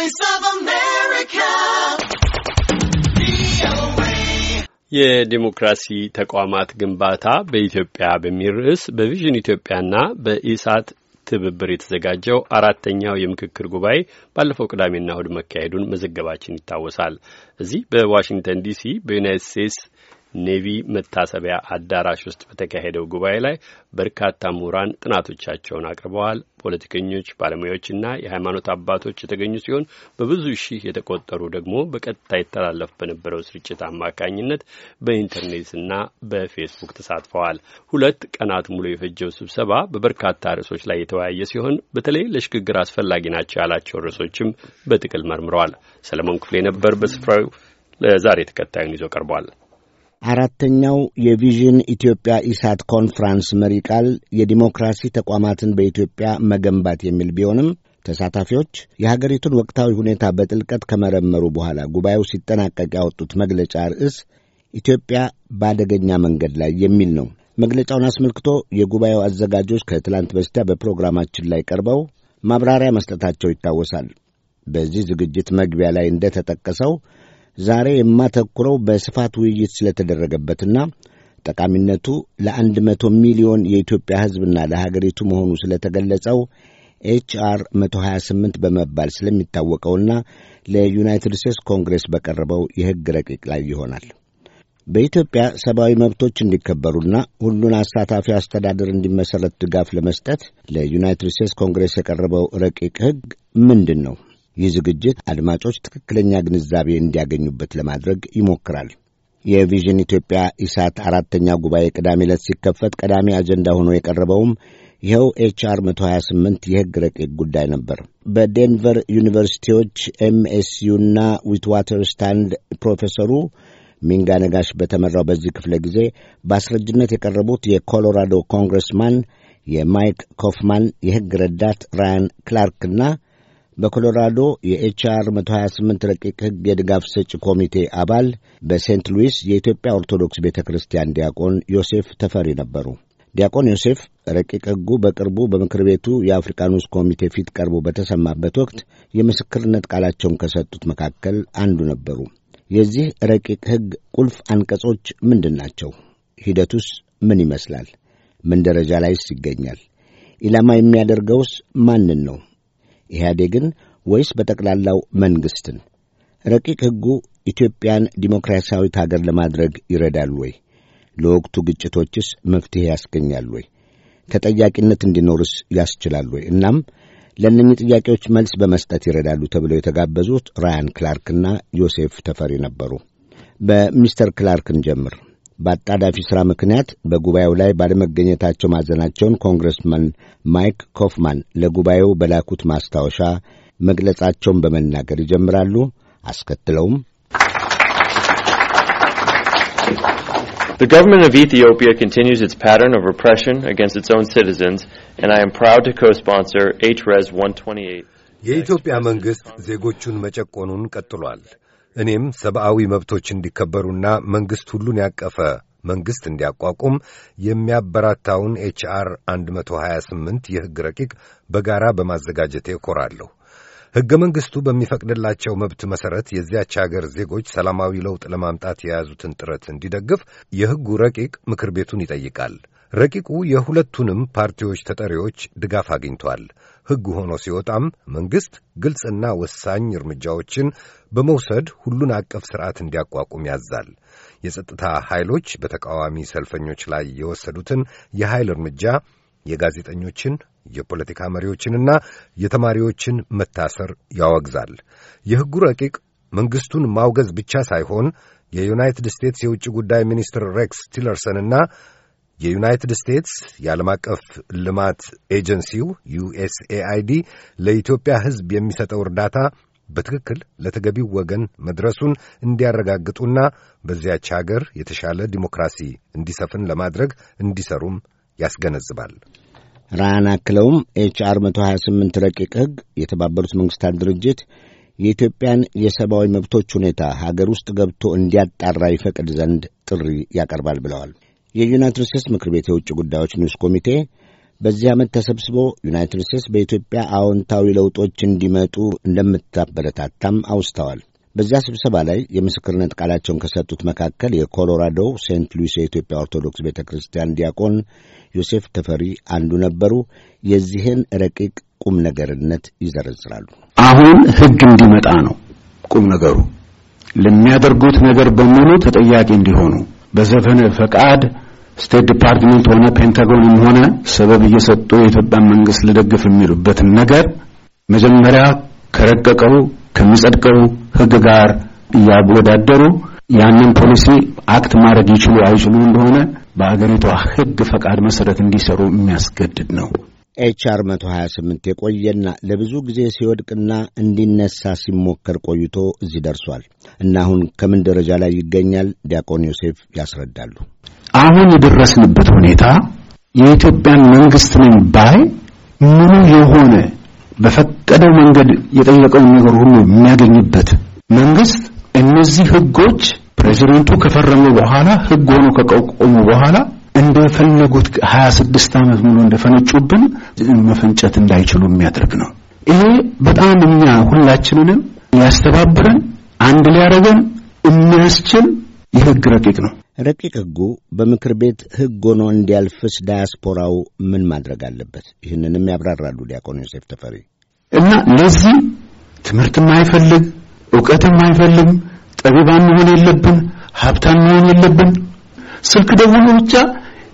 Voice of America. የዲሞክራሲ ተቋማት ግንባታ በኢትዮጵያ በሚል ርዕስ በቪዥን ኢትዮጵያና በኢሳት ትብብር የተዘጋጀው አራተኛው የምክክር ጉባኤ ባለፈው ቅዳሜና እሁድ መካሄዱን መዘገባችን ይታወሳል። እዚህ በዋሽንግተን ዲሲ በዩናይትድ ስቴትስ ኔቪ መታሰቢያ አዳራሽ ውስጥ በተካሄደው ጉባኤ ላይ በርካታ ምሁራን ጥናቶቻቸውን አቅርበዋል። ፖለቲከኞች፣ ባለሙያዎችና የሃይማኖት አባቶች የተገኙ ሲሆን በብዙ ሺህ የተቆጠሩ ደግሞ በቀጥታ ይተላለፍ በነበረው ስርጭት አማካኝነት በኢንተርኔትና በፌስቡክ ተሳትፈዋል። ሁለት ቀናት ሙሉ የፈጀው ስብሰባ በበርካታ ርዕሶች ላይ የተወያየ ሲሆን በተለይ ለሽግግር አስፈላጊ ናቸው ያላቸው ርዕሶችም በጥቅል መርምረዋል። ሰለሞን ክፍሌ ነበር በስፍራው። ለዛሬ ተከታዩን ይዞ ቀርቧል። አራተኛው የቪዥን ኢትዮጵያ ኢሳት ኮንፍራንስ መሪ ቃል የዲሞክራሲ ተቋማትን በኢትዮጵያ መገንባት የሚል ቢሆንም ተሳታፊዎች የሀገሪቱን ወቅታዊ ሁኔታ በጥልቀት ከመረመሩ በኋላ ጉባኤው ሲጠናቀቅ ያወጡት መግለጫ ርዕስ ኢትዮጵያ በአደገኛ መንገድ ላይ የሚል ነው። መግለጫውን አስመልክቶ የጉባኤው አዘጋጆች ከትላንት በስቲያ በፕሮግራማችን ላይ ቀርበው ማብራሪያ መስጠታቸው ይታወሳል። በዚህ ዝግጅት መግቢያ ላይ እንደተጠቀሰው ዛሬ የማተኩረው በስፋት ውይይት ስለተደረገበትና ጠቃሚነቱ ለአንድ መቶ ሚሊዮን የኢትዮጵያ ሕዝብና ለሀገሪቱ መሆኑ ስለተገለጸው ኤች አር 128 በመባል ስለሚታወቀውና ለዩናይትድ ስቴትስ ኮንግሬስ በቀረበው የሕግ ረቂቅ ላይ ይሆናል። በኢትዮጵያ ሰብአዊ መብቶች እንዲከበሩና ሁሉን አሳታፊ አስተዳደር እንዲመሠረት ድጋፍ ለመስጠት ለዩናይትድ ስቴትስ ኮንግሬስ የቀረበው ረቂቅ ሕግ ምንድን ነው? ይህ ዝግጅት አድማጮች ትክክለኛ ግንዛቤ እንዲያገኙበት ለማድረግ ይሞክራል። የቪዥን ኢትዮጵያ ኢሳት አራተኛ ጉባኤ ቅዳሜ ዕለት ሲከፈት ቀዳሚ አጀንዳ ሆኖ የቀረበውም ይኸው ኤችአር 128 የሕግ ረቂቅ ጉዳይ ነበር። በዴንቨር ዩኒቨርሲቲዎች ኤምኤስዩና ዊትዋተር ስታንድ ፕሮፌሰሩ ሚንጋ ነጋሽ በተመራው በዚህ ክፍለ ጊዜ በአስረጅነት የቀረቡት የኮሎራዶ ኮንግረስማን የማይክ ኮፍማን የሕግ ረዳት ራያን ክላርክና በኮሎራዶ የኤችአር 128 ረቂቅ ሕግ የድጋፍ ሰጪ ኮሚቴ አባል በሴንት ሉዊስ የኢትዮጵያ ኦርቶዶክስ ቤተ ክርስቲያን ዲያቆን ዮሴፍ ተፈሪ ነበሩ። ዲያቆን ዮሴፍ ረቂቅ ሕጉ በቅርቡ በምክር ቤቱ የአፍሪካ ንዑስ ኮሚቴ ፊት ቀርቦ በተሰማበት ወቅት የምስክርነት ቃላቸውን ከሰጡት መካከል አንዱ ነበሩ። የዚህ ረቂቅ ሕግ ቁልፍ አንቀጾች ምንድን ናቸው? ሂደቱስ ምን ይመስላል? ምን ደረጃ ላይስ ይገኛል? ኢላማ የሚያደርገውስ ማንን ነው? ኢህአዴግን ወይስ በጠቅላላው መንግሥትን? ረቂቅ ሕጉ ኢትዮጵያን ዲሞክራሲያዊት አገር ለማድረግ ይረዳል ወይ? ለወቅቱ ግጭቶችስ መፍትሔ ያስገኛል ወይ? ተጠያቂነት እንዲኖርስ ያስችላል ወይ? እናም ለእነኚህ ጥያቄዎች መልስ በመስጠት ይረዳሉ ተብለው የተጋበዙት ራያን ክላርክና ዮሴፍ ተፈሪ ነበሩ። በሚስተር ክላርክን ጀምር። በአጣዳፊ ሥራ ምክንያት በጉባኤው ላይ ባለመገኘታቸው ማዘናቸውን ኮንግረስመን ማይክ ኮፍማን ለጉባኤው በላኩት ማስታወሻ መግለጻቸውን በመናገር ይጀምራሉ። አስከትለውም The government of Ethiopia continues its pattern of repression against its own citizens, and I am proud to co-sponsor HRES 128. የኢትዮጵያ መንግሥት ዜጎቹን መጨቆኑን ቀጥሏል። እኔም ሰብአዊ መብቶች እንዲከበሩና መንግሥት ሁሉን ያቀፈ መንግሥት እንዲያቋቁም የሚያበራታውን ኤች አር 128 የሕግ ረቂቅ በጋራ በማዘጋጀቴ እኮራለሁ። ሕገ መንግሥቱ በሚፈቅድላቸው መብት መሠረት የዚያች አገር ዜጎች ሰላማዊ ለውጥ ለማምጣት የያዙትን ጥረት እንዲደግፍ የሕጉ ረቂቅ ምክር ቤቱን ይጠይቃል። ረቂቁ የሁለቱንም ፓርቲዎች ተጠሪዎች ድጋፍ አግኝቷል። ሕግ ሆኖ ሲወጣም መንግሥት ግልጽና ወሳኝ እርምጃዎችን በመውሰድ ሁሉን አቀፍ ስርዓት እንዲያቋቁም ያዛል። የጸጥታ ኃይሎች በተቃዋሚ ሰልፈኞች ላይ የወሰዱትን የኃይል እርምጃ፣ የጋዜጠኞችን፣ የፖለቲካ መሪዎችንና የተማሪዎችን መታሰር ያወግዛል። የሕጉ ረቂቅ መንግሥቱን ማውገዝ ብቻ ሳይሆን የዩናይትድ ስቴትስ የውጭ ጉዳይ ሚኒስትር ሬክስ ቲለርሰንና የዩናይትድ ስቴትስ የዓለም አቀፍ ልማት ኤጀንሲው ዩኤስኤአይዲ ለኢትዮጵያ ሕዝብ የሚሰጠው እርዳታ በትክክል ለተገቢው ወገን መድረሱን እንዲያረጋግጡና በዚያች አገር የተሻለ ዲሞክራሲ እንዲሰፍን ለማድረግ እንዲሰሩም ያስገነዝባል። ራያን አክለውም አር 128 ረቂቅ ሕግ የተባበሩት መንግሥታት ድርጅት የኢትዮጵያን የሰብአዊ መብቶች ሁኔታ ሀገር ውስጥ ገብቶ እንዲያጣራ ይፈቅድ ዘንድ ጥሪ ያቀርባል ብለዋል። የዩናይትድ ስቴትስ ምክር ቤት የውጭ ጉዳዮች ንዑስ ኮሚቴ በዚህ ዓመት ተሰብስቦ ዩናይትድ ስቴትስ በኢትዮጵያ አዎንታዊ ለውጦች እንዲመጡ እንደምታበረታታም አውስተዋል። በዚያ ስብሰባ ላይ የምስክርነት ቃላቸውን ከሰጡት መካከል የኮሎራዶ ሴንት ሉዊስ የኢትዮጵያ ኦርቶዶክስ ቤተ ክርስቲያን ዲያቆን ዮሴፍ ተፈሪ አንዱ ነበሩ። የዚህን ረቂቅ ቁም ነገርነት ይዘረዝራሉ። አሁን ሕግ እንዲመጣ ነው ቁም ነገሩ። ለሚያደርጉት ነገር በሙሉ ተጠያቂ እንዲሆኑ በዘፈነ ፈቃድ ስቴት ዲፓርትመንት ሆነ ፔንታጎንም ሆነ ሰበብ እየሰጡ የኢትዮጵያን መንግስት ልደግፍ የሚሉበትን ነገር መጀመሪያ ከረቀቀው ከሚጸድቀው ህግ ጋር እያወዳደሩ ያንን ፖሊሲ አክት ማድረግ ይችሉ አይችሉ እንደሆነ በሀገሪቷ ህግ ፈቃድ መሰረት እንዲሰሩ የሚያስገድድ ነው። ኤችአር 128 የቆየና ለብዙ ጊዜ ሲወድቅና እንዲነሳ ሲሞከር ቆይቶ እዚህ ደርሷል እና አሁን ከምን ደረጃ ላይ ይገኛል? ዲያቆን ዮሴፍ ያስረዳሉ። አሁን የደረስንበት ሁኔታ የኢትዮጵያን መንግስት ነኝ ባይ ምኑ የሆነ በፈቀደው መንገድ የጠየቀውን ነገር ሁሉ የሚያገኝበት መንግስት እነዚህ ህጎች ፕሬዚደንቱ ከፈረሙ በኋላ ህግ ሆኖ ከቆሙ በኋላ እንደፈለጉት 26 ዓመት ሙሉ እንደፈነጩብን መፈንጨት እንዳይችሉ የሚያደርግ ነው። ይሄ በጣም እኛ ሁላችንንም ሊያስተባብረን አንድ ሊያደርገን የሚያስችል የህግ ረቂቅ ነው። ረቂቅ ህጉ በምክር ቤት ህግ ሆኖ እንዲያልፍስ ዳያስፖራው ምን ማድረግ አለበት? ይህንንም ያብራራሉ ዲያቆን ዮሴፍ ተፈሪ እና ለዚህ ትምህርት የማይፈልግ እውቀት የማይፈልግም ጠቢባን መሆን የለብን ሀብታም መሆን የለብን ስልክ ደውሎ ብቻ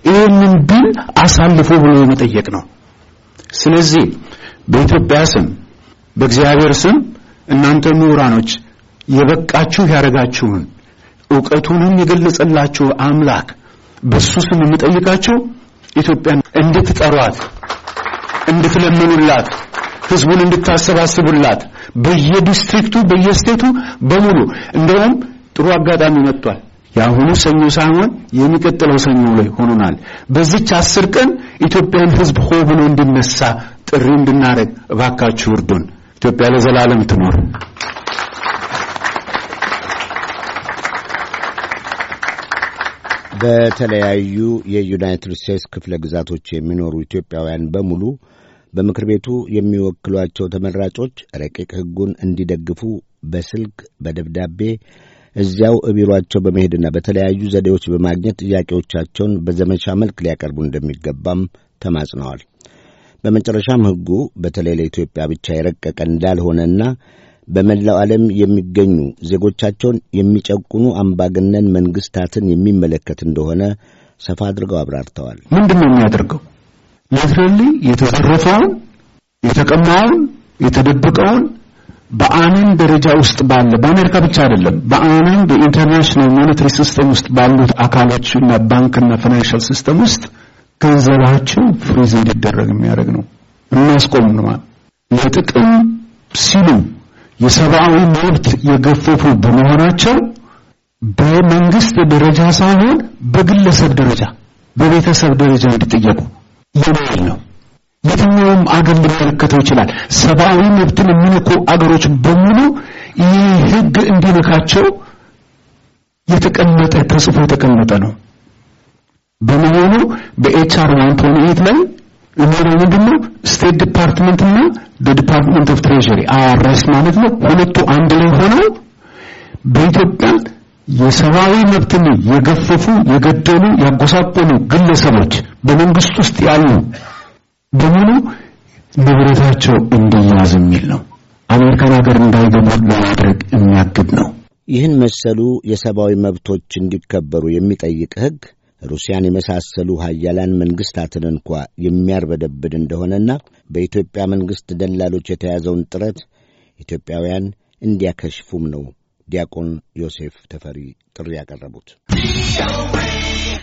ይህንን ቢል አሳልፎ ብሎ የመጠየቅ ነው። ስለዚህ በኢትዮጵያ ስም በእግዚአብሔር ስም እናንተ ምሁራኖች የበቃችሁ ያደረጋችሁን እውቀቱንም የገለጸላችሁ አምላክ በሱ ስም የምጠይቃችሁ ኢትዮጵያን እንድትጠሯት፣ እንድትለምኑላት፣ ህዝቡን እንድታሰባስቡላት በየዲስትሪክቱ በየስቴቱ በሙሉ እንደውም ጥሩ አጋጣሚ መጥቷል። የአሁኑ ሰኞ ሳይሆን የሚቀጥለው ሰኞ ላይ ሆኖናል። በዚች አስር ቀን ኢትዮጵያን ህዝብ ሆ ብሎ እንዲነሳ ጥሪ እንድናደርግ እባካችሁ እርዱን። ኢትዮጵያ ለዘላለም ትኖር። በተለያዩ የዩናይትድ ስቴትስ ክፍለ ግዛቶች የሚኖሩ ኢትዮጵያውያን በሙሉ በምክር ቤቱ የሚወክሏቸው ተመራጮች ረቂቅ ሕጉን እንዲደግፉ በስልክ በደብዳቤ እዚያው እቢሯቸው በመሄድና በተለያዩ ዘዴዎች በማግኘት ጥያቄዎቻቸውን በዘመቻ መልክ ሊያቀርቡ እንደሚገባም ተማጽነዋል። በመጨረሻም ሕጉ በተለይ ለኢትዮጵያ ብቻ የረቀቀ እንዳልሆነና በመላው ዓለም የሚገኙ ዜጎቻቸውን የሚጨቁኑ አምባገነን መንግሥታትን የሚመለከት እንደሆነ ሰፋ አድርገው አብራርተዋል። ምንድን ነው የሚያደርገው? ሊትራሊ የተዘረፈውን፣ የተቀማውን፣ የተደበቀውን በዓለም ደረጃ ውስጥ ባለ በአሜሪካ ብቻ አይደለም፣ በዓለም በኢንተርናሽናል ሞኔታሪ ሲስተም ውስጥ ባሉት አካሎችና እና ባንክና ፋይናንሻል ሲስተም ውስጥ ገንዘባቸው ፍሪዝ እንዲደረግ የሚያደርግ ነው። እናስቆም ነው ለጥቅም ሲሉ የሰብአዊ መብት የገፈፉ በመሆናቸው በመንግስት ደረጃ ሳይሆን በግለሰብ ደረጃ፣ በቤተሰብ ደረጃ እንዲጠየቁ የሚል ነው። የትኛውም አገር ሊመለከተው ይችላል። ሰብአዊ መብትን የሚነኩ አገሮች በሙሉ ይህ ህግ እንዲነካቸው የተቀመጠ ተጽፎ የተቀመጠ ነው። በመሆኑ በኤችአር 128 ላይ የሚለው ምንድነው? ስቴት ዲፓርትመንት እና በዲፓርትመንት ኦፍ ትሬዥሪ አርኤስ ማለት ነው። ሁለቱ አንድ ላይ ሆነው በኢትዮጵያ የሰብአዊ መብትን የገፈፉ፣ የገደሉ፣ ያጎሳቆሉ ግለሰቦች በመንግስት ውስጥ ያሉ በሙሉ ንብረታቸው እንዲያዝ የሚል ነው። አሜሪካን ሀገር እንዳይገቡ ለማድረግ የሚያግድ ነው። ይህን መሰሉ የሰብአዊ መብቶች እንዲከበሩ የሚጠይቅ ሕግ ሩሲያን የመሳሰሉ ሀያላን መንግሥታትን እንኳ የሚያርበደብድ እንደሆነና በኢትዮጵያ መንግሥት ደላሎች የተያዘውን ጥረት ኢትዮጵያውያን እንዲያከሽፉም ነው ዲያቆን ዮሴፍ ተፈሪ ጥሪ ያቀረቡት።